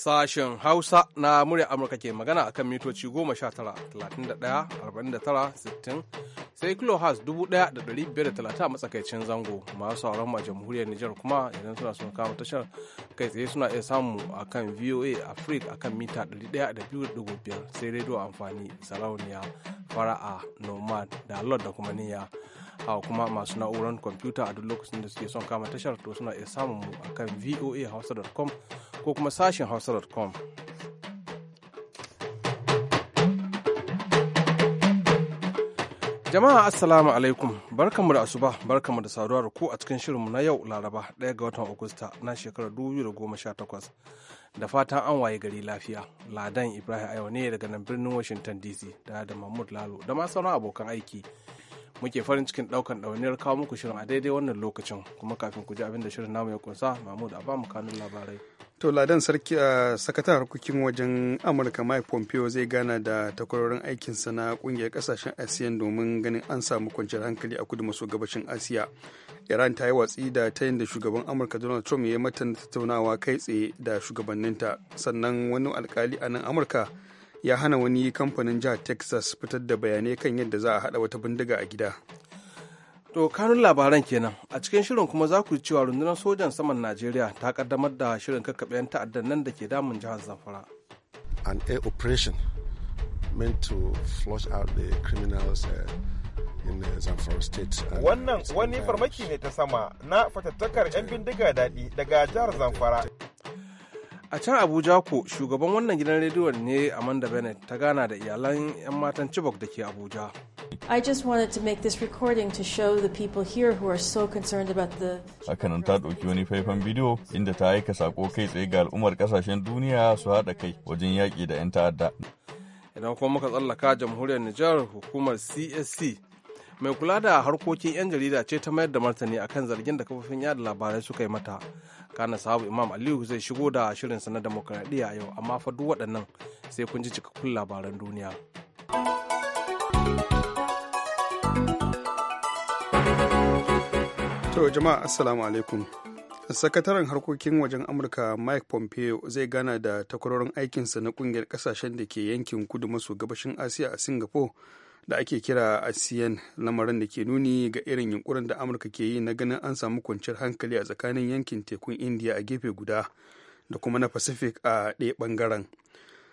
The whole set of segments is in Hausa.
Sashen Hausa na murya Amurka ke magana akan mitoci 19-31-49-60 sai kilohas 1,530 a matsakaicin zango masu sauran ma jamhuriyar Nijar kuma idan suna son kama tashar kai tsaye suna iya samu akan VOA Africa akan mita 102.5 sai rediyo amfani sarauniya fara'a nomad da lord da kuma niyya. hawa kuma masu na'urar kwamfuta a duk lokacin da suke son kama tashar to suna iya samun mu a akan voahausa.com ko kuma sashen hausa.com Jama'a Assalamu alaikum barkanmu da asuba barkanmu da saduwar ku a cikin shirinmu na yau Laraba 1 ga watan Agusta na shekarar 2018 da fatan an waye gari lafiya. Ladan Ibrahim Ayo ne daga nan birnin Washington DC da da Mahmud Lalo da ma sauran abokan aiki muke farin cikin daukan ɗawainiyar kawo muku shirin a daidai wannan lokacin kuma kafin ku ji abin da shirin namu ya kunsa mahmud a ba kanun labarai to ladan sarki a sakatar harkokin wajen amurka mike pompeo zai gana da takwarorin sa na kungiyar kasashen asiyan domin ganin an samu kwanciyar hankali a kudu maso gabashin asiya iran ta yi watsi da ta yin da shugaban amurka donald trump ya yi mata tattaunawa kai tsaye da shugabanninta sannan wani alkali a nan amurka ya hana wani kamfanin jihar texas fitar da bayanai kan yadda za a hada wata bindiga a gida to kanun labaran kenan a cikin shirin kuma za ku cewa rundunar sojan saman najeriya ta kaddamar da shirin kakkaɓe 'yan ta'addan nan da ke damun jihar zamfara an air operation meant to flush out the criminals uh, uh, uh Wannan wani farmaki ne ta sama na fatattakar 'yan bindiga daɗi daga jihar Zamfara. a can abuja ko shugaban wannan gidan rediyon ne amanda bennett ta gana da iyalan 'yan matan chibok da ke abuja I just wanted to make this recording to show the people here who are so concerned about the Hakanan ta ɗauki wani faifan bidiyo inda ta aika sako kai tsaye ga al'ummar kasashen duniya su haɗa kai wajen yaƙi da 'yan ta'adda. Idan kuma muka tsallaka jamhuriyar Nijar hukumar CSC mai kula da harkokin 'yan jarida ce ta mayar da martani akan zargin da kafofin yada labarai suka yi mata kana sahabu imam aliyu zai shigo da shirinsa na demokradiyya yau amma fa duk waɗannan sai kun ji cikakkun labaran duniya to jama'a assalamu alaikum sakataren harkokin wajen amurka mike pompeo zai gana da takwarorin aikinsa na kungiyar kasashen da ke yankin kudu maso gabashin asiya a singapore da ake kira asiyan lamarin da ke nuni ga irin yunkurin da amurka ke yi na ganin an samu kwanciyar hankali a tsakanin yankin tekun indiya a gefe guda da kuma na pacific a ɗaya ɓangaren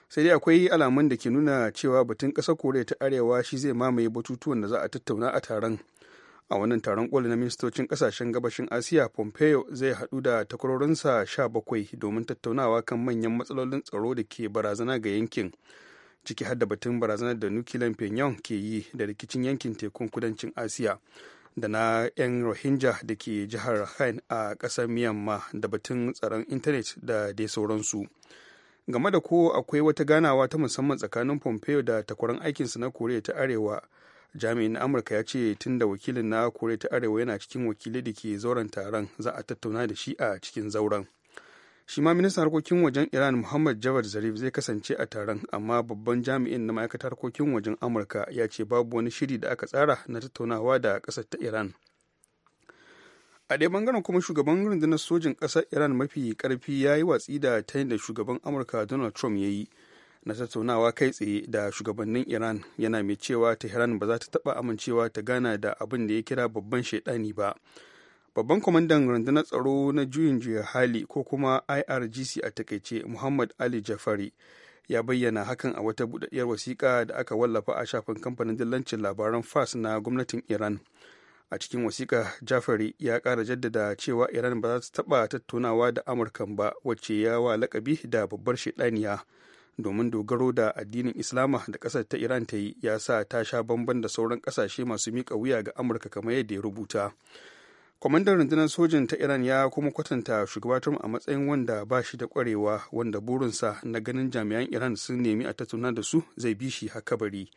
sai dai akwai alamun da ke nuna cewa batun ƙasar koriya ta arewa shi zai mamaye batutuwan da za a tattauna a taron a wannan taron koli na ministocin ƙasashen gabashin asiya pompeo zai haɗu da takwarorinsa bakwai domin tattaunawa kan manyan matsalolin tsaro da ke barazana ga yankin ciki har da batun barazanar da nukilan pyongyang ke yi da rikicin yankin tekun kudancin asiya da na 'yan rohingya da ke jihar hain a kasar myanmar da batun tsaron intanet da dai sauransu game da ko akwai wata ganawa ta musamman tsakanin pompeo da takwaran aikinsa na koriya ta arewa jami'in amurka ya ce tun da wakilin na koriya ta arewa yana cikin wakilai da ke zauren taron za a tattauna da shi a cikin zauren shi ma ministan harkokin wajen iran muhammad javad zarif zai kasance a taron amma babban jami'in na ma'aikatar harkokin wajen amurka ya ce babu wani shiri da aka tsara na tattaunawa da ƙasar ta iran a ɗaya bangaren kuma shugaban rundunar sojin ƙasar iran mafi karfi ya yi watsi da ta da shugaban amurka donald trump ya yi na tattaunawa kai tsaye da shugabannin iran yana mai cewa tehran ba za ta taɓa amincewa ta gana da abin da ya kira babban shaidani ba babban kwamandan rundunar tsaro na juyin juya hali ko kuma irgc a takaice muhammad ali jafari ya bayyana hakan a wata budaddiyar wasiƙa da aka wallafa a shafin kamfanin dillancin labaran fas na gwamnatin iran a cikin wasiƙa jafari ya ƙara jaddada cewa iran ba za ta taɓa tattaunawa da amurkan ba wacce ya wa lakabi da babbar shaɗaniya domin dogaro da addinin islama da ƙasar ta iran ta yi ya sa ta sha bamban da sauran ƙasashe masu miƙa wuya ga amurka kamar yadda ya rubuta kwamandan rundunar sojin ta iran ya kuma kwatanta shugaba a matsayin wanda ba shi da kwarewa wanda burinsa na ganin jami'an iran sun nemi a tattauna da su zai bi shi haka bari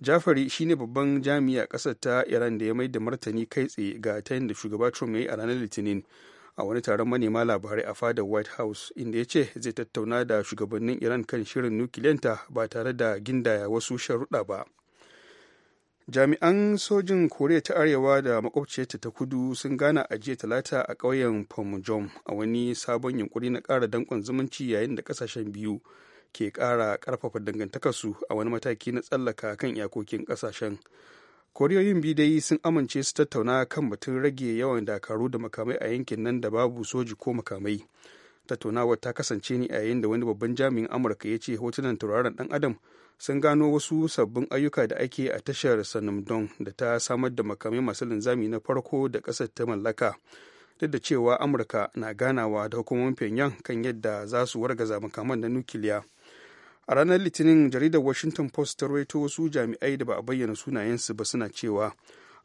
jafari shine babban jami'i a ƙasar ta iran da ya mai da martani kai tsaye ga ta da shugaba trump ya yi a ranar litinin a wani taron manema labarai a fadar white house inda ya ce zai tattauna da shugabannin iran kan shirin nukiliyanta ba tare da gindaya wasu sharuɗa ba jami'an sojin koriya ta arewa da makwabciyarta ta kudu sun gana a jiya talata a ƙauyen pomjom a wani sabon yunkuri na ƙara danƙon zumunci yayin da ƙasashen biyu ke ƙara ƙarfafa dangantakarsu a wani mataki na tsallaka kan iyakokin ƙasashen koriyoyin biyu dai sun amince su tattauna kan batun rage yawan dakaru da makamai a yankin nan da babu soji ko makamai tattaunawar ta kasance ne a yayin da wani babban jami'in amurka ya ce hotunan tauraron dan adam sun gano wasu sabbin ayyuka da ake a tashar sanamdon da ta samar da makamai masu linzami na farko da ƙasar ta mallaka duk da cewa amurka na ganawa da hukumomin pyongyang kan yadda za su wargaza makaman na nukiliya a ranar litinin jaridar washington post ta rawaito wasu jami'ai da ba a bayyana sunayensu ba suna cewa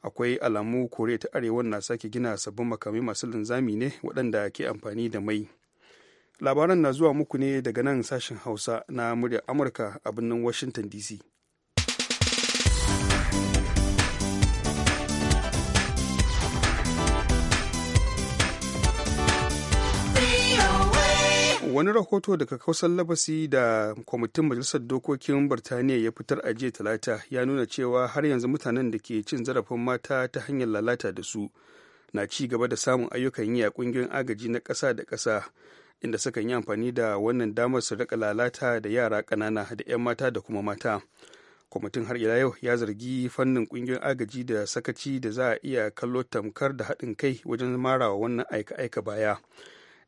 akwai alamu koriya ta arewa na sake gina sabbin makamai masu linzami ne waɗanda ke amfani da mai labaran na zuwa muku ne daga nan sashen hausa na muryar amurka a birnin washington dc wani rahoto daga kausar labasi da kwamitin majalisar dokokin birtaniya ya fitar a jiya talata ya nuna cewa har yanzu mutanen da ke cin zarafin mata ta hanyar lalata da su na ci gaba da samun ayyukan yi a kungiyoyin agaji na ƙasa da ƙasa inda sukan yi amfani da wannan damar su rika lalata da yara ƙanana da 'yan mata da kuma mata kwamitin har ila yau ya zargi fannin ƙungiyoyin agaji da sakaci da za a iya kallo tamkar da haɗin kai wajen mara wa wannan aika-aika baya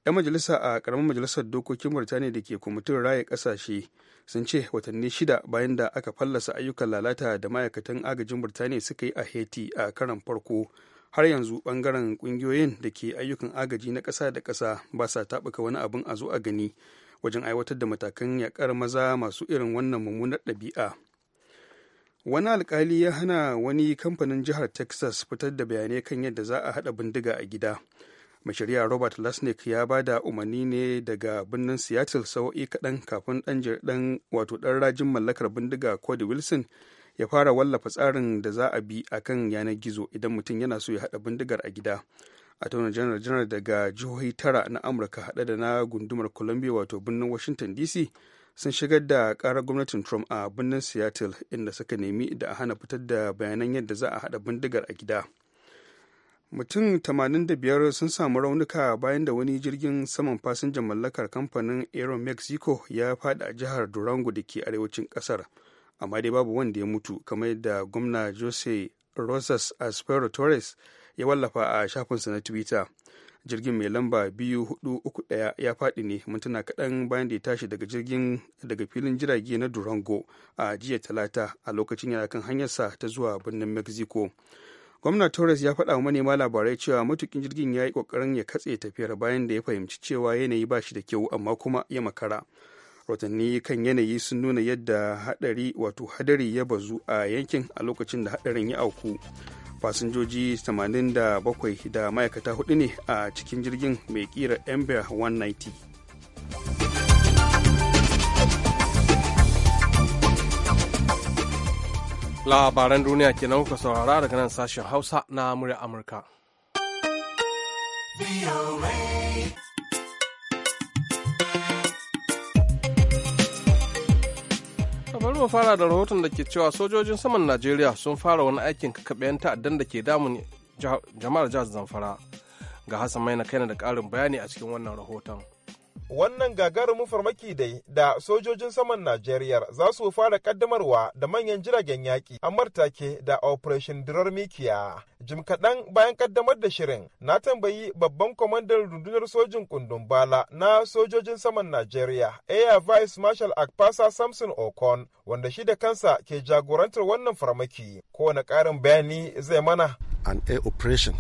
'yan majalisa a ƙaramin majalisar dokokin Birtaniya da ke kwamitin raya ƙasashe sun ce watanni shida bayan da aka fallasa ayyukan lalata da ma'aikatan agajin Birtaniya suka yi a Haiti a karan farko har yanzu bangaren kungiyoyin da ke ayyukan agaji na ƙasa da ƙasa ba sa taɓuka wani abin a zo a gani wajen aiwatar da matakan yaƙar maza masu irin wannan mummunar ɗabi'a wani alkali ya hana wani kamfanin jihar texas fitar da bayanai kan yadda za a haɗa bindiga a gida mai robert lasnik ya ba da umarni ne daga birnin seattle sau'i kaɗan kafin ɗan wato ɗan rajin mallakar bindiga cody wilson ya fara wallafa tsarin da za a bi a kan yanar gizo idan mutum yana so ya haɗa bindigar a gida a taunar janar janar daga jihohi tara na amurka haɗe da na gundumar columbia wato birnin washington dc sun shigar da ƙarar gwamnatin trump a birnin seattle inda suka nemi da a hana fitar da bayanan yadda za a haɗa bindigar a gida mutum 85 sun samu raunuka bayan da wani jirgin saman fasinjan mallakar kamfanin aero mexico ya faɗi a jihar durango da ke arewacin ƙasar amma dai babu wanda ya mutu kamar da gwamna jose rosas aspero torres ya wallafa a shafinsa na twitter jirgin mai lamba biyu hudu uku daya ya fadi ne mintuna kaɗan bayan da ya tashi daga jirgin daga filin jirage na durango a jiya talata a lokacin yana kan hanyarsa ta zuwa birnin mexico gwamna torres ya faɗa wa manema labarai cewa matukin jirgin ya yi ƙoƙarin ya katse tafiyar bayan da ya fahimci cewa yanayi ba shi da kyau amma kuma ya makara rahotanni kan yanayi sun nuna yadda hadari wato hadari ya bazu a yankin a lokacin da hadarin ya auku fasinjoji 87 da ma'aikata hudu ne a cikin jirgin mai kira ember 190 labaran duniya kenan kuka saurara daga nan sashen hausa na murya amurka bari mu fara da rahoton da ke cewa sojojin saman najeriya sun fara wani aikin kakaɓe ta'addan da ke damun jama'ar jihar zamfara ga hassan maina kaina da ƙarin bayani a cikin wannan rahoton wannan gagarumin farmaki dai da sojojin saman Najeriya za su fara kaddamarwa da manyan jiragen yaƙi a martake da Operation Dirar Mikiya. Jim kaɗan bayan kaddamar da shirin na tambayi babban kwamandan rundunar sojin kundun bala na sojojin saman Najeriya Air Vice Marshal Akpasa Samson Okon wanda shi da kansa ke jagorantar wannan farmaki. Kowane ƙarin bayani zai mana. An air operation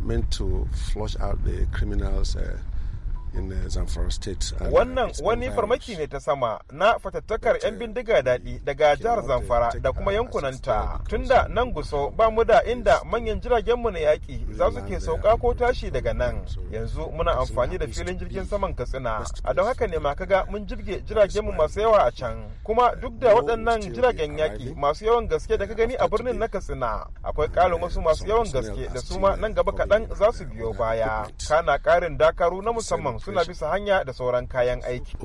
meant to flush out the criminals uh... in uh, Zamfara state. Wannan wani farmaki ne ta sama na fatattakar 'yan bindiga daɗi daga jihar Zamfara da kuma yankunanta. Tunda nan guso ba mu da inda manyan jiragenmu na yaƙi za su ke sauka ko tashi daga nan. Yanzu muna amfani da filin jirgin saman Katsina. A don haka ne ma kaga mun jirge jiragenmu masu yawa a can. Kuma uh, duk da waɗannan jiragen yaƙi masu yawan gaske da ka gani a birnin na Katsina akwai uh, ƙalin wasu masu yawan gaske da su ma nan gaba kaɗan za su biyo baya. Kana ƙarin dakaru na musamman suna bisa hanya da sauran kayan aiki.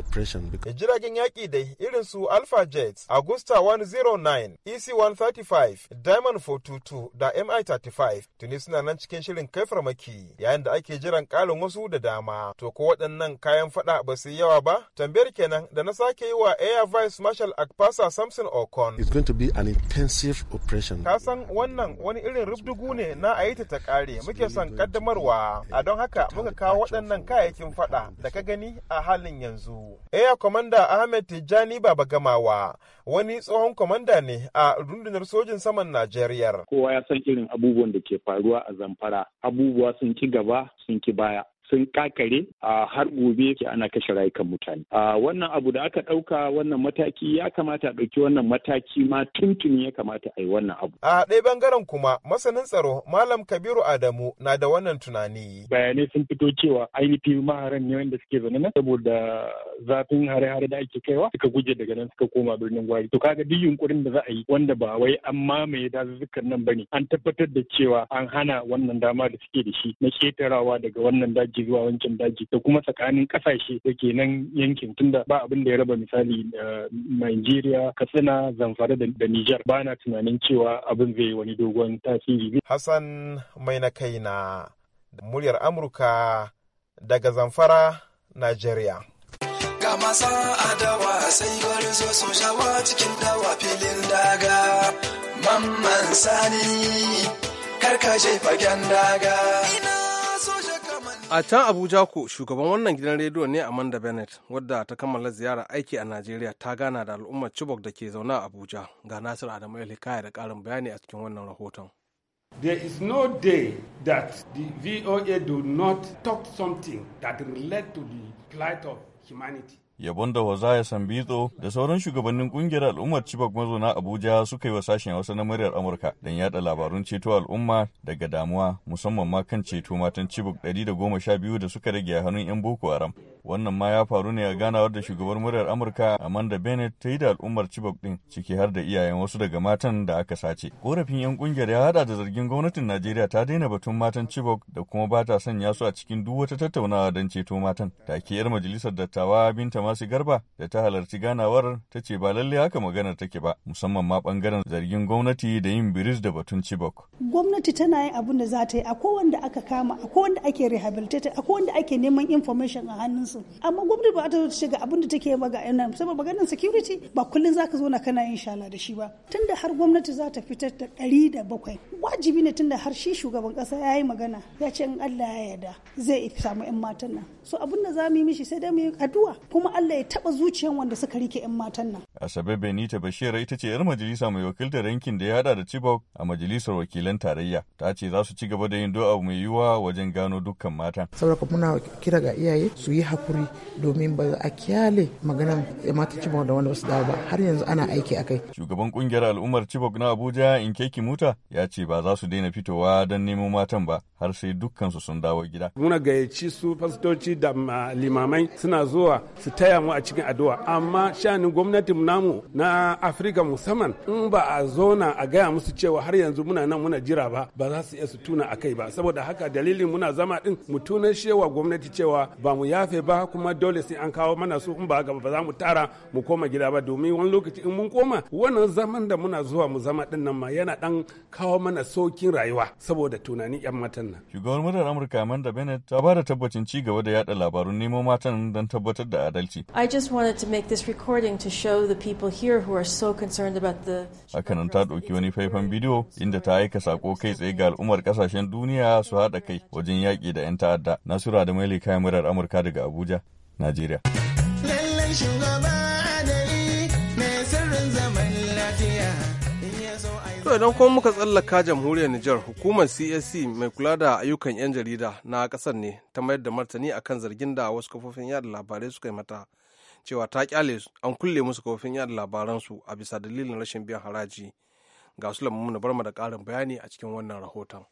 Jiragen yaƙi da irin su Alpha Jets, Augusta 109, EC-135, Diamond 422 da MI-35 tuni suna nan cikin shirin kai farmaki yayin da ake jiran ƙalin wasu da dama. To ko waɗannan kayan faɗa ba su yi yawa ba? Tambayar kenan da na sake yi wa Air Vice Marshal Akpasa Samson Okon. It's going to be an intensive operation. Ka san wannan wani irin rubdugu ne na a yi ta ta ƙare muke son kaddamarwa. A don haka muka kawo waɗannan kayayyakin faɗa da ka gani a halin yanzu. Air kwamanda Ahmed Tijjani Baba Gamawa wani tsohon kwamanda ne a rundunar sojin saman Najeriya. Kowa ya san irin abubuwan da ke faruwa a Zamfara. Abubuwa sun ki gaba sun ki baya. sun kakare a har gobe ana kashe rayukan mutane a wannan abu da aka ɗauka wannan mataki ya kamata a ɗauki wannan mataki ma tuntuni ya kamata a yi wannan abu a ɗaya bangaren kuma masanin tsaro malam kabiru adamu na da wannan tunani bayanai sun fito cewa ainihin maharan ne wanda suke zaune saboda zafin hare-hare da ake kaiwa suka guje daga nan suka koma birnin gwari to kaga duk yunkurin da za a yi wanda ba wai an mamaye dazuzzukan nan ba ne. an tabbatar da cewa an hana wannan dama da suke da shi na ketarawa daga wannan daji zuwa wancan daji da kuma tsakanin kasashe da ke nan yankin tunda ba abin da ya raba misali eh, Nigeria, Katsina, Zamfara da Niger ba na tunanin cewa abin zai yi wani dogon tasiri. Hassan mai na kaina muryar Amurka daga Zamfara, Nigeria. ga a dawa sai gwari zo sun shawa cikin dawa filin daga mamman sani karkashe fagen daga. a can abuja ko shugaban wannan gidan rediyo ne amanda bennett wadda ta kammala ziyarar aiki a najeriya ta gana da al'ummar chibok da ke zaune a abuja ga nasir adamu hikaya da ƙarin bayani a cikin wannan rahoton There is no day that the VOA do not talk something that relate to the plight of humanity. yabon da wazaya sambizo da sauran shugabannin kungiyar al'ummar cibok mazauna abuja suka yi wa sashen hausa na muryar amurka don yada labarun ceto al'umma daga damuwa musamman ma kan ceto matan cibok ɗari da goma sha biyu da suka rage a hannun yan boko haram wannan ma ya faru ne a ganawar da shugabar muryar amurka amanda bennett ta yi da al'ummar cibok din ciki har da iyayen wasu daga matan da aka sace korafin yan kungiyar ya hada da zargin gwamnatin najeriya ta daina batun matan cibok da kuma ba ta sanya su a cikin duk wata tattaunawa don ceto matan take yar majalisar dattawa binta masu Garba da ta halarci ganawar ta ce ba lalle haka maganar take ba musamman ma bangaren zargin gwamnati da yin biris da batun cibok Gwamnati tana yin abin da za ta yi akwai wanda aka kama akwai wanda ake rehabilitate akwai wanda ake neman information a hannunsu amma gwamnati ba ta shiga abun da take ba ga yanar saboda maganar security ba kullum zaka zo na kana yin shala da shi ba tunda har gwamnati za ta fitar da ɗari da bakwai wajibi ne tunda har shi shugaban ƙasa ya yi magana ya ce in Allah ya yarda zai samu 'yan matan nan so abun da za mu yi mishi sai dai mu yi addu'a kuma Allah ya taba zuciyan wanda suka rike 'yan matan nan. Asabe Benita Bashir ita ce 'yar majalisa mai wakiltar yankin da ya hada da Chibok a majalisar wakilan tarayya. Ta ce za su ci gaba da yin do'a mai yiwuwa wajen gano dukkan matan. Saboda muna kira ga iyaye su yi hakuri domin ba a kyale maganan matan Chibok da wanda ba su dawo ba har yanzu ana aiki a kai. Shugaban kungiyar al'ummar Chibok na Abuja in Inkeki Muta ya ce ba za su daina fitowa don neman matan ba har sai dukkansu sun dawo gida. Muna gayyaci su fastoci da limamai suna zuwa su taya mu a cikin addu'a amma shanin gwamnatin namu na afirka musamman in ba a zona a gaya musu cewa har yanzu muna nan muna jira ba ba za su iya su tuna a kai ba saboda haka dalilin muna zama din mu tuna shewa gwamnati cewa ba mu yafe ba kuma dole sai an kawo mana su in ba haka ba za mu tara mu koma gida ba domin wani lokaci in mun koma wannan zaman da muna zuwa mu zama din nan ma yana dan kawo mana saukin rayuwa saboda tunanin yan matan nan shugabar murar amurka amanda bennett ta ba da tabbacin ci gaba da yada labarun nemo matan don tabbatar da adalci lokaci. Hakanan ta ɗauki wani faifan bidiyo inda ta aika sako kai tsaye ga al'ummar ƙasashen duniya su haɗa kai wajen yaƙi da 'yan ta'adda. Nasura da Maili kayan murar Amurka daga Abuja, Najeriya. idan kuma muka tsallaka jamhuriyar Nijar, hukumar CSC mai kula da ayyukan 'yan jarida na kasar ne ta mayar da martani akan zargin da wasu kafofin yada labarai suka yi mata cewa ta kyale an kulle musu kafofin yada labaransu a bisa dalilin rashin biyan haraji. Ga su bar barma da ƙarin bayani a cikin wannan rahoton.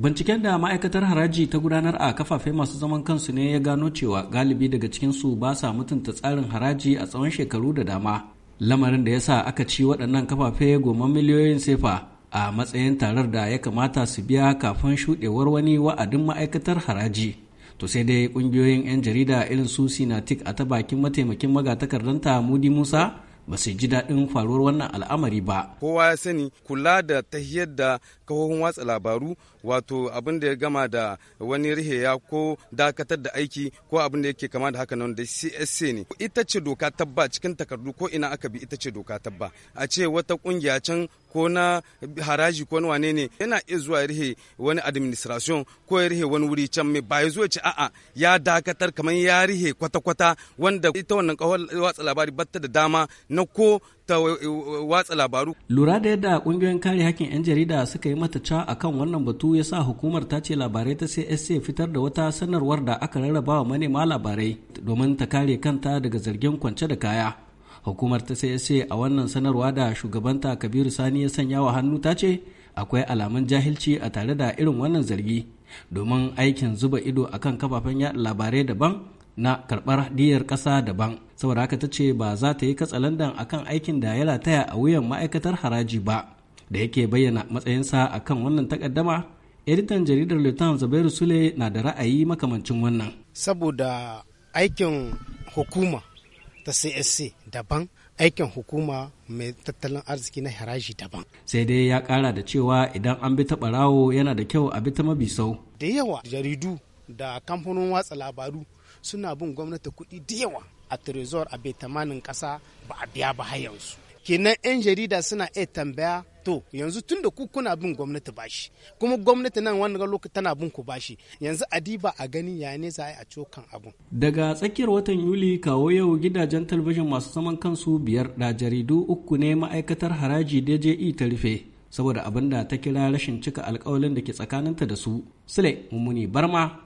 Binciken da ma'aikatar haraji ta gudanar a kafafe masu zaman kansu ne ya gano cewa galibi daga cikinsu ba sa mutunta tsarin haraji a tsawon shekaru da dama lamarin da ya sa aka ci waɗannan kafafe goma miliyoyin sefa a matsayin tarar da ya kamata su biya kafin shuɗewar wani wa'adin ma'aikatar haraji to sai dai ƙungiyoyin 'yan jarida irin su sinatik a ta bakin mataimakin magatakardanta mudi musa ba su ji daɗin faruwar wannan al'amari ba kowa ya sani kula da tahiyar da kafofin watsa labaru wato abin da ya gama da wani riheya ko dakatar da aiki ko abin da yake kama da haka nan da CSC ne ita ce doka tabba cikin takardu ko ina aka bi ita ce doka tabba a ce wata kungiya can ko na haraji ko na wane ne yana iya zuwa rihe wani administration ko ya rihe wani wuri can mai ba ya zo ce a'a ya dakatar kamar ya rihe kwata-kwata wanda ita wannan kawo watsa labari batta da dama na ko ta watsa labaru. Lura da yadda kungiyoyin kare hakkin 'yan jarida suka yi mata ca akan wannan batu ya sa hukumar ta ce labarai ta CSC fitar da wata sanarwar da aka rarraba wa manema labarai domin ta kare kanta daga zargin kwance da kaya. Hukumar ta CSC a wannan sanarwa da shugabanta Kabiru Sani ya sanya wa hannu ta ce akwai alamun jahilci a tare da irin wannan zargi domin aikin zuba ido akan kafafen yaɗa labarai daban na karɓar diyar ƙasa daban saboda haka ta ce ba za ta yi katsalandan akan aikin da ya rataya a wuyan ma'aikatar haraji ba da yake bayyana matsayinsa akan wannan takaddama editan jaridar lieutenant zubairu sule na da ra'ayi makamancin wannan saboda aikin hukuma ta csc daban aikin hukuma mai tattalin arziki na haraji daban. Sai dai ya kara da cewa idan an bi ta barawo yana da kyau a bi ta mabisau. Da yawa jaridu da kamfanin watsa labaru suna bin gwamnati kuɗi da yawa a trezor a betamanin ƙasa ba a biya ba har yanzu kenan 'yan jarida suna iya tambaya to yanzu tun da ku kuna bin gwamnati bashi kuma gwamnati nan wani lokaci tana bin ku bashi yanzu adiba a gani ya ne za a yi a cokan abun. daga tsakiyar watan yuli kawo yau gidajen talabijin masu zaman kansu biyar da jaridu uku ne ma'aikatar haraji dje ta rufe saboda abin da ta kira rashin cika alkawalin da ke tsakaninta da su sule mummuni barma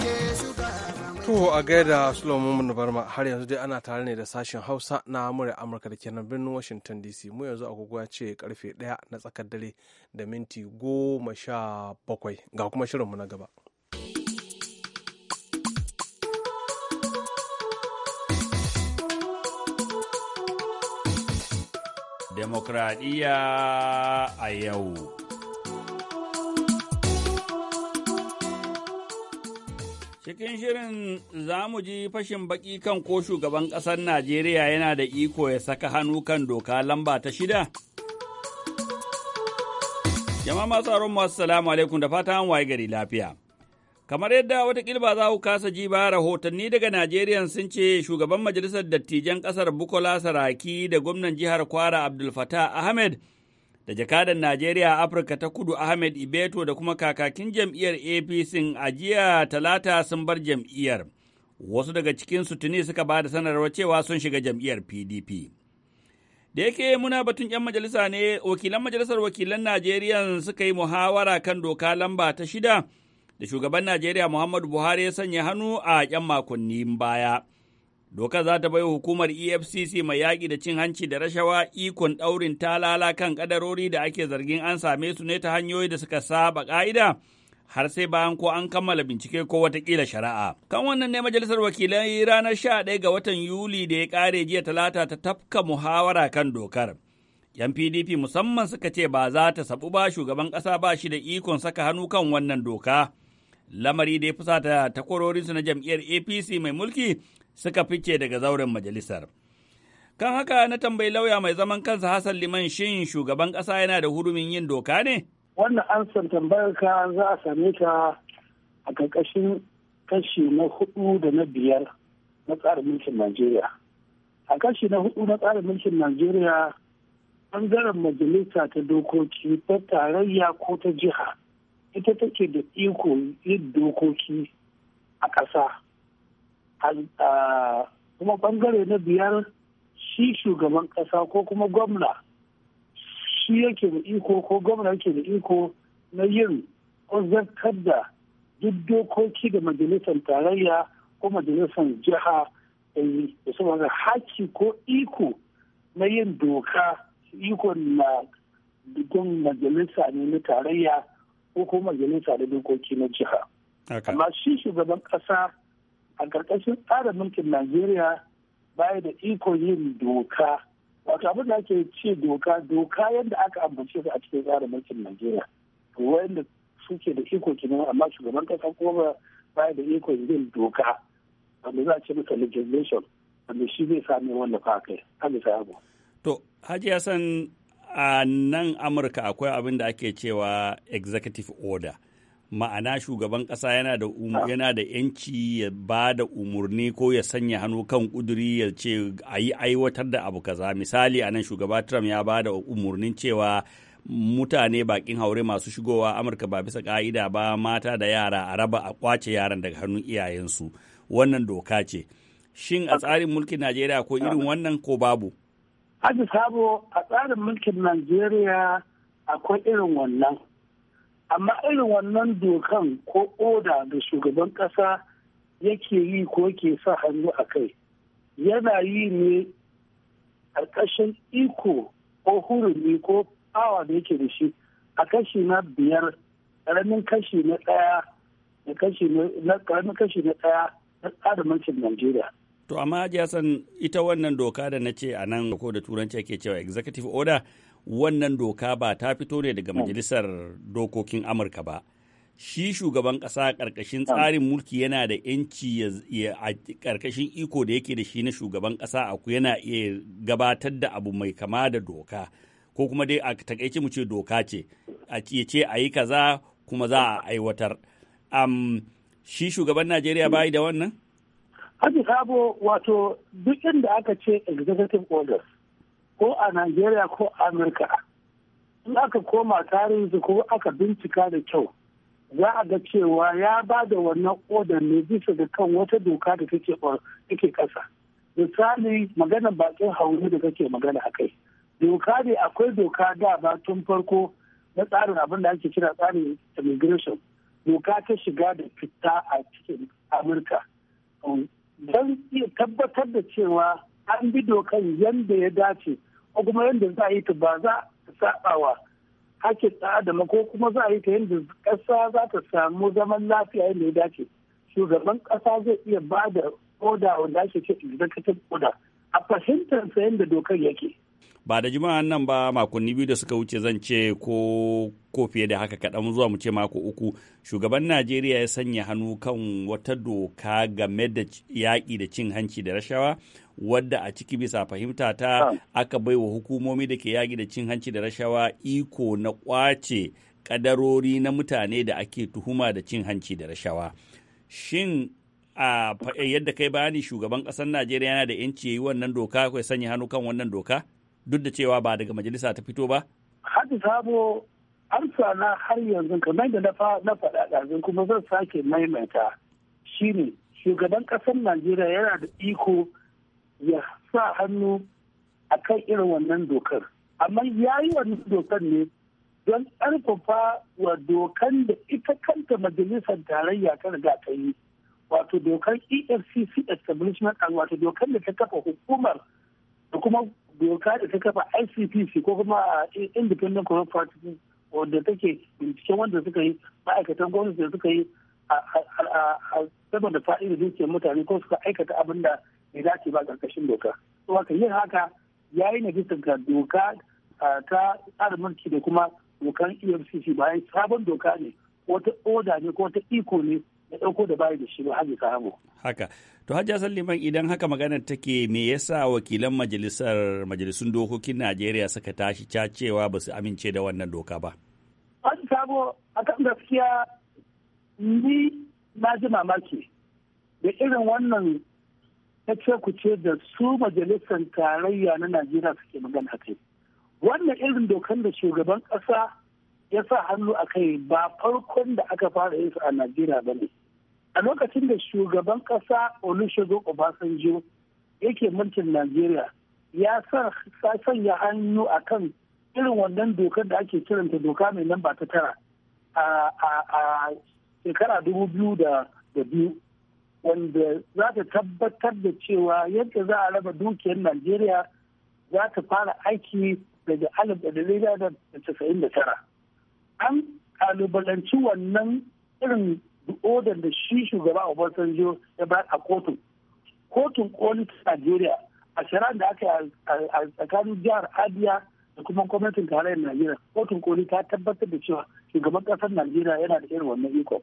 To a gaida Sulaiman Barma har yanzu dai ana tare ne da sashen Hausa na murya Amurka da kenan birnin Washington DC mu yanzu agogo ce karfe daya na tsakar dare da minti goma sha bakwai ga kuma shirin shirinmu na gaba. Demokradiyya a yau. Cikin shirin za mu ji fashin baki kan ko shugaban ƙasar Najeriya yana da iko ya saka hannu kan doka lamba ta shida. Jama'a masu aron masu salamu alaikum da fata an waye gari lafiya. Kamar yadda wataƙila ba za ku kasa ji ba rahotanni daga Najeriya sun ce shugaban majalisar dattijan ƙasar Bukola Saraki da gwamnan jihar Kwara Abdul Fattah Ahmed da jakadan Najeriya Afirka ta Kudu Ahmed Ibeto da kuma kakakin jam'iyyar APC a jiya talata sun bar jam'iyyar. Wasu daga su tuni suka ba da sanarwa cewa sun shiga jam'iyyar PDP. Da yake muna batun 'yan majalisa ne, wakilan majalisar wakilan Najeriya suka yi muhawara kan doka lamba ta shida da shugaban Najeriya Muhammadu Buhari ya sanya hannu a 'yan makonni baya. Dokar za ta bai hukumar EFCC mai yaƙi da cin hanci da rashawa ikon ɗaurin talala kan ƙadarori da ake zargin an same su ne ta hanyoyi da suka saba ƙa'ida har sai bayan ko an kammala bincike ko watakila shari'a. Kan wannan ne majalisar wakilai ranar sha ɗaya ga watan Yuli da ya ƙare jiya talata ta tafka muhawara kan dokar. 'Yan PDP musamman suka ce ba za ta sabu ba shugaban ƙasa ba shi da ikon saka hannu kan wannan doka. lamari da ya fusata takwarorinsu na jam'iyyar apc mai mulki suka fice daga zauren majalisar. Kan haka na tambayi lauya mai zaman kansa Hassan Liman shin shugaban ƙasa yana da hurumin yin doka ne? Wannan ansan tambayar ka za a same ta a ƙarƙashin kashi na hudu da na biyar na tsarin mulkin Najeriya. A kashi na hudu na tsarin mulkin Najeriya ɓangaren majalisa ta dokoki ta tarayya ko ta jiha ita take da iko yin dokoki a ƙasa kuma bangare na biyar shi shugaban kasa ko kuma gwamna shi yake da iko ko gwamna yake da iko na yin zartar da duk dokoki da majalisar tarayya ko majalisar jiha da yi da haki ko iko na yin doka iko na dukkan majalisa ne na tarayya ko kuma majalisa da dokoki na jiha amma shi shugaban kasa. a ƙarƙashin tsarin mulkin najeriya baya da iko yin doka wato abin da ake ce doka doka yadda aka ambace su a cikin tsarin mulkin najeriya wanda suke da iko nan amma shugaban kasa kuma baya da iko yin doka wanda za a ce masa legislation wanda shi zai sami fa kai haka sai abu to haji hassan a nan amurka akwai abin da ake cewa executive order ma'ana shugaban ƙasa yana da um-, yana da yanci ya ba da umarni ko ya sanya hannu kan kuduri ya ce a yi aiwatar da abu kaza misali a nan shugaba trump ya ba da umurnin cewa mutane bakin haure masu shigowa amurka ba bisa ka'ida ba mata da yara a raba a kwace yaran daga hannun iyayensu wannan doka ce shin a tsarin mulkin najeriya ko irin wannan ko babu a tsarin mulkin najeriya akwai irin wannan amma irin wannan dokan ko oda da shugaban kasa yake yi ko ke sa hannu a kai yana yi ne ƙarƙashin iko ko hurumi ko awa da yake da shi a kashi na biyar ƙaramin kashi na ɗaya da na ƙaramin kashi na ɗaya na tsarin Najeriya. To amma san ita wannan doka da na ce a nan ko da turanci ake cewa executive order wannan doka ba ta fito ne daga hmm. majalisar dokokin amurka ba shi shugaban kasa ƙarƙashin hmm. tsarin mulki yana da yanci a ƙarƙashin iko da yake da shi na shugaban kasa aku yana iya gabatar da abu mai kama da doka ko kuma dai a takaice mu ce doka ce a ce a yi kaza kuma za a aiwatar um, shi shugaban najeriya bayi da wannan? abu wato duk inda aka ce executive orders ko a Najeriya ko a Amurka. In aka koma tarihinsu ko aka bincika da kyau, za a ga cewa ya ba da wannan odar ne bisa da kan wata doka da take ƙasa. Misali magana baƙin haure da kake magana a kai. Doka ne akwai doka da ba tun farko na tsarin abin da ake kira tsarin immigration. Doka ta shiga da fita a cikin Amurka. Don iya tabbatar da cewa an bi dokan yadda ya dace ko kuma yadda za a yi ta ba za a saba wa hakkin ɗan adam ko kuma za a yi ta yadda ƙasa za ta samu zaman lafiya yadda ya dace shugaban ƙasa zai iya ba da oda wanda ake ce ta oda a fahimtar sa yadda dokar yake ba da juma'an nan ba makonni biyu da suka wuce zan ce ko ko fiye da haka kaɗan zuwa mu ce mako uku shugaban najeriya ya sanya hannu kan wata doka game da yaƙi da cin hanci da rashawa wadda a ciki bisa fahimta ta aka bai wa hukumomi da ke yaƙi da cin hanci da rashawa iko na ƙwace kadarori na mutane da ake tuhuma da cin hanci da rashawa. Shin a eh, yadda kai bayani shugaban ƙasar Najeriya yana da ‘yanci ya yi wannan doka ko ya sanya hannu kan wannan doka duk da cewa ba daga majalisa ta fito ba? Hadi sabo harsa na har yanzu kamar da na faɗa ɗazin kuma zan sake maimaita shine shugaban ƙasar Najeriya yana da iko ya sa hannu a kan irin wannan dokar amma ya yi wannan dokar ne don ƙarfafa wa dokan da ita kanta majalisar tarayya ta riga ta yi wato dokar efcc establishment and wato dokar da ta kafa hukumar da kuma doka da ta kafa icpc ko kuma eh, independent corrupt practices wanda take binciken wanda suka yi ma'aikatan gwamnati da suka yi a saboda fa'ida dukiyar mutane ko suka aikata abin da bai dace ba karkashin doka to haka yin haka ya yi najisar ga doka ta tsarin mulki da kuma dokan efcc bayan sabon doka ne wata oda ne ko wata iko ne da ɗauko da bayi da shi ba hajji samu. haka to hajji hassan liman idan haka magana take me yasa wakilan majalisar majalisun dokokin najeriya suka tashi cewa ba su amince da wannan doka ba. hajji sabo akan gaskiya ni na ji mamaki da irin wannan ta ce ku ce da su majalisar tarayya na najeriya suke magana a kai wannan irin dokan da shugaban ƙasa ya sa hannu a kai ba farkon da aka fara yin su a najeriya ba ne a lokacin da shugaban ƙasa olusegun obasanjo yake mulkin najeriya ya sanya hannu a kan irin wannan dokar da ake kiranta doka mai lamba ta tara a shekara dubu biyu da biyu wanda za ta tabbatar da cewa yadda za a raba dukiyar najeriya za ta fara aiki daga alif da casa'in da tara an kalubalanci wannan irin odar da shi shugaba zo ya ba a kotun kotun koli ta najeriya a shirar da aka yi a tsakanin jihar abia da kuma gwamnatin tarayyar najeriya kotun koli ta tabbatar da cewa shugaban kasar najeriya yana da irin wannan iko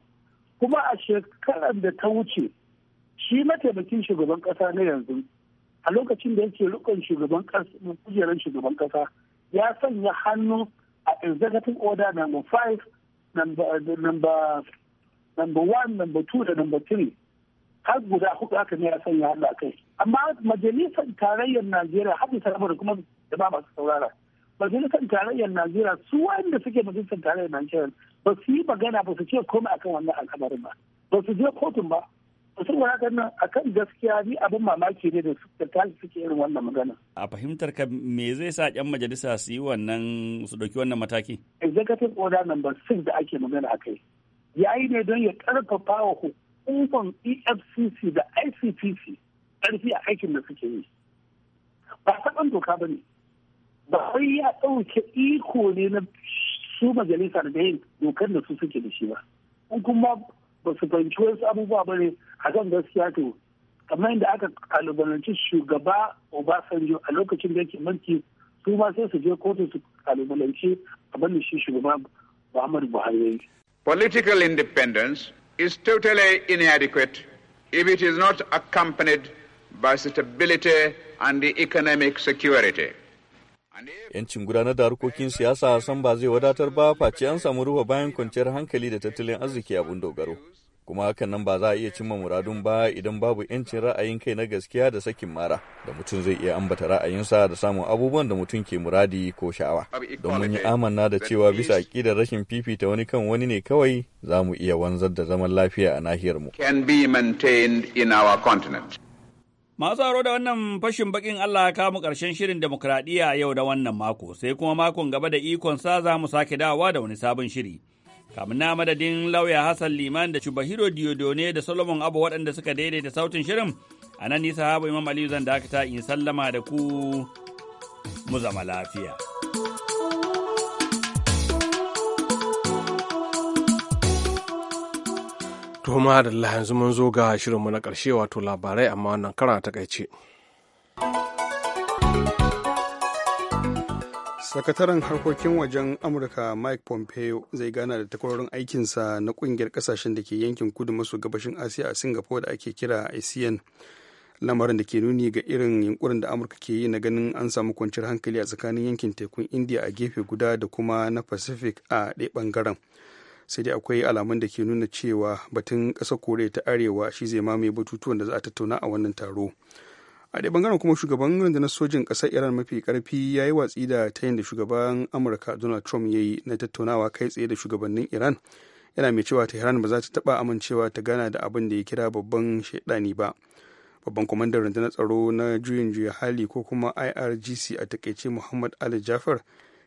kuma a shekarar da ta wuce shi mataimakin shugaban kasa na yanzu a lokacin da yake rukun shugaban kasa kujerar shugaban kasa ya sanya hannu a executive order number 5 number number number two, da number 3 har guda hudu aka ne ya sanya hannu a kai amma majalisar tarayyar najeriya har ta da kuma da ba masu saurara majalisar tarayyar najeriya su wanda suke majalisar tarayyar najeriya ba su yi magana ba su ce komai akan wannan al'amarin ba ba su je kotun ba saboda haka nan akan gaskiya ni abin mamaki ne da suka tashi suke irin wannan magana. A fahimtar ka me zai sa ƴan majalisa su yi wannan su ɗauki wannan mataki? Executive order number six da ake magana a kai. Ya yi ne don ya ƙarfafa wa hukumar EFCC da ICPC ƙarfi a aikin da suke yi. Ba saɓan doka ba ne. Ba wai ya ɗauke iko ne na su majalisa da yin dokar da su suke da shi ba. Kuma ba su fahimci wasu abubuwa a kan gaskiya to kamar yadda aka kalubalanci shugaba obasanjo a lokacin da yake mulki su ma sai su je kotu su kalubalanci abin da shi shugaba muhammadu buhari political independence is totally inadequate if it is not accompanied by stability and the economic security. Yancin gudanar da harkokin siyasa san ba zai wadatar ba face an samu ruwa bayan kwanciyar hankali da tattalin arziki abun dogaro. Kuma hakan nan ba za a iya cimma muradun ba idan babu yancin ra'ayin kai na gaskiya da sakin mara da mutum zai iya ambata ra'ayinsa da samun abubuwan da mutum ke muradi ko sha'awa. Don mun yi amanna da cewa bisa aƙidar rashin fifita wani kan wani ne kawai za mu iya wanzar da zaman lafiya a nahiyarmu. Can be maintained in our continent. Masu aro da wannan fashin bakin Allah ya kamu ƙarshen shirin demokradiyya yau da wannan mako, sai kuma makon gaba da ikon sa za mu sake dawowa da wani sabon shiri. Kamun na madadin lauya Hassan Liman da Shubahiro ne da Solomon Abu waɗanda suka daidaita sautin shirin, a nan nisa habu Imam Aliyu zan dakata in sallama da ku mu zama lafiya. To ma da yanzu mun zo ga shirinmu na ƙarshe wato labarai amma wannan kara ta kaice. sakataren harkokin wajen amurka mike pompeo zai gana da takwarorin aikinsa na kungiyar kasashen da ke yankin kudu maso gabashin asiya a singapore da ake kira asean lamarin da ke nuni ga irin yunkurin da amurka ke yi na ganin an samu kwanciyar hankali a tsakanin yankin tekun india a gefe guda da kuma na pacific a ɗaya bangaren sai dai akwai alamun da ke nuna cewa batun ƙasar koriya ta arewa shi zai mamaye batutuwan da za a tattauna a wannan taro a dai bangaren kuma shugaban rundunar sojin ƙasar iran mafi ƙarfi ya yi watsi da ta yin da shugaban amurka donald trump ya yi na tattaunawa kai tsaye da shugabannin iran yana mai cewa tehran ba za ta taɓa amincewa ta gana da abin da ya kira babban shaidani ba babban kwamandan rundunar tsaro na juyin juya hali ko kuma irgc a takaice muhammad ali jafar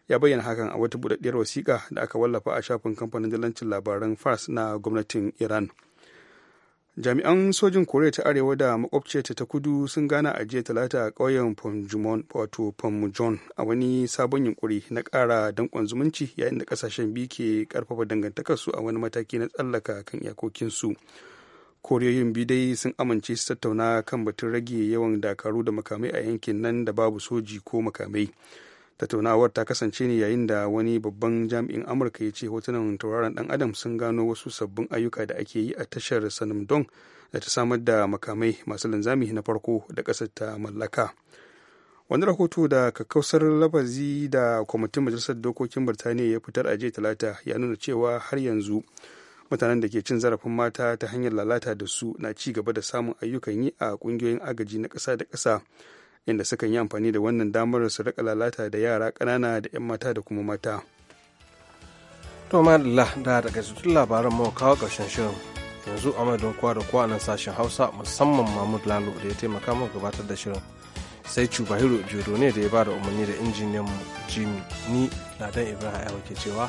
ya bayyana hakan a wata budaddiyar wasiƙa da aka wallafa a shafin kamfanin dalancin labaran fars na gwamnatin iran jami'an sojin koriya ta arewa da makwabciyarta ta kudu sun gana a jiya talata a ƙauyen pomjumon wato pomjon a wani sabon yunkuri na ƙara danƙon zumunci yayin da ƙasashen biyu ke ƙarfafa dangantakarsu a wani mataki na tsallaka kan iyakokinsu koriyoyin biyu dai sun amince su tattauna kan batun rage yawan dakaru da makamai a yankin nan da babu soji ko makamai tattaunawar ta kasance ne yayin da wani babban jami'in amurka ya ce hotunan tauraron dan adam sun gano wasu sabbin ayyuka da ake yi a tashar sanamdong da ta samar da makamai masu linzami na farko da ƙasar ta mallaka wani rahoto da kakkausar lafazi da kwamitin majalisar dokokin birtaniya ya fitar a jiya talata ya nuna cewa har yanzu mutanen da ke cin zarafin mata ta hanyar lalata da su na ci gaba da samun ayyukan yi a ƙungiyoyin agaji na ƙasa da ƙasa inda sukan yi amfani da wannan damar su rika lalata da yara ƙanana da 'yan mata da kuma mata. To Allah da daga cikin labaran mu kawo ƙarshen shirin yanzu a madadin kowa da kowa nan sashen Hausa musamman Mahmud Lalo da ya taimaka mu gabatar da shirin. Sai Cubahiro Jodo ne da ya bada umarni da injiniyan mu Jimmy ni dan Ibrahim Ayo ke cewa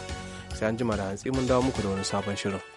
sai an jima da hantsi mun dawo muku da wani sabon shirin.